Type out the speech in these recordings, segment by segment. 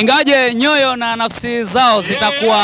ingaje nyoyo na nafsi zao zitakuwa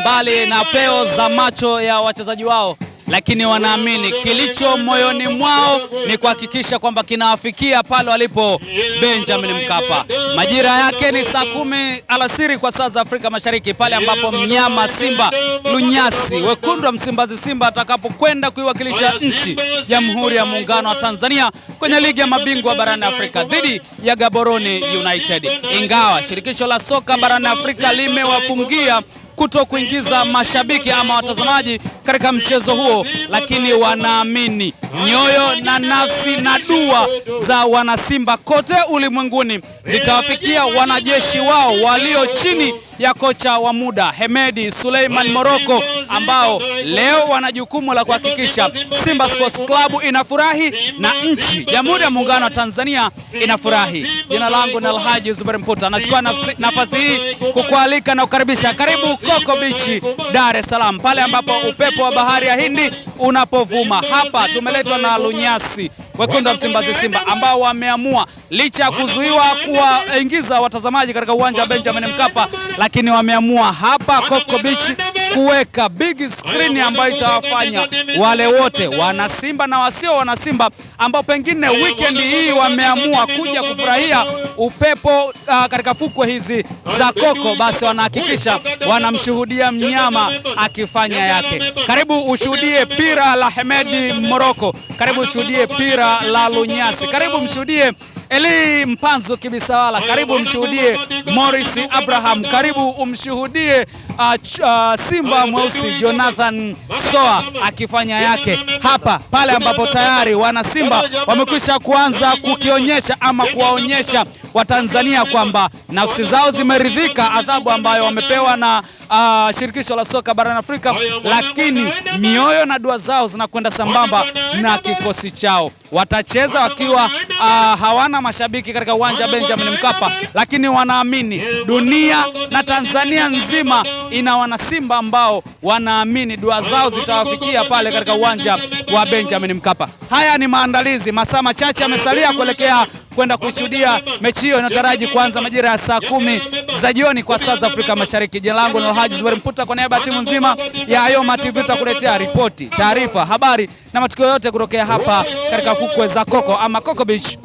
mbali na peo za macho ya wachezaji wao lakini wanaamini kilicho moyoni mwao ni kuhakikisha kwamba kinawafikia pale walipo Benjamin Mkapa. Majira yake ni saa kumi alasiri kwa saa za Afrika Mashariki, pale ambapo mnyama simba lunyasi wekundu wa Msimbazi Simba atakapokwenda kuiwakilisha nchi Jamhuri ya Muungano wa Tanzania kwenye ligi ya mabingwa barani Afrika dhidi ya Gaborone United. Ingawa shirikisho la soka barani Afrika limewafungia kuto kuingiza mashabiki ama watazamaji katika mchezo huo, lakini wanaamini nyoyo na nafsi na dua za wanasimba kote ulimwenguni zitawafikia wanajeshi wao walio chini ya kocha wa muda Hemedi Suleiman Moroko ambao leo wana jukumu la kuhakikisha Simba Sports Club inafurahi na nchi, Jamhuri ya Muungano wa Tanzania inafurahi. Jina langu ni Alhaji Zuberi Mputa, nachukua nafasi hii kukualika na kukaribisha. Karibu Coco Beach, Dar es Salaam, pale ambapo upepo wa bahari ya Hindi unapovuma. Hapa tumeletwa na lunyasi wekundu wa Msimbazi Simba ambao wameamua licha ya kuzuiwa kuwaingiza watazamaji katika uwanja wa Benjamin Mkapa, lakini wameamua hapa Coco Beach kuweka big screen ambayo itawafanya wale wote wanasimba na wasio wanasimba ambao pengine weekend hii wameamua kuja kufurahia upepo uh, katika fukwe hizi za Koko, basi wanahakikisha wanamshuhudia mnyama akifanya yake. Karibu ushuhudie pira la Hemedi Moroko, karibu ushuhudie pira la Lunyasi, karibu mshuhudie Eli Mpanzu Kibisawala, karibu mshuhudie Morris Abraham, karibu umshuhudie uh, uh, simba mweusi Jonathan Soa akifanya yake hapa pale ambapo tayari wana Simba wamekwisha kuanza kukionyesha ama kuwaonyesha Watanzania kwamba nafsi zao zimeridhika adhabu ambayo wamepewa na uh, shirikisho la soka barani Afrika, lakini mioyo na dua zao zinakwenda sambamba na kikosi chao. Watacheza wakiwa uh, hawana mashabiki katika uwanja wa Benjamin Mkapa, lakini wanaamini dunia na Tanzania nzima ina wanasimba ambao wanaamini dua zao zitawafikia pale katika uwanja wa Benjamin Mkapa. Haya ni maandalizi, masaa machache yamesalia kuelekea kwenda kushuhudia mechi hiyo inayotaraji kuanza majira ya saa kumi za jioni kwa saa za Afrika Mashariki. Jina langu ni Alhaji Zuberi Mputa, kwa niaba ya timu nzima ya Ayoma TV tutakuletea ripoti, taarifa, habari na matukio yote kutokea hapa katika fukwe za Coco ama Coco Beach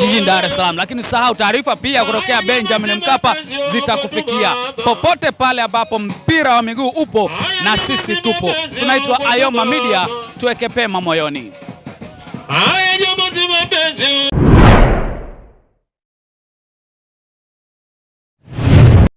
jijini Dar es Salaam. Lakini sahau taarifa pia kutokea Benjamin Mkapa zitakufikia popote pale ambapo mpira wa miguu upo, na sisi tupo. Tunaitwa Ayoma Media, tuweke pema moyoni.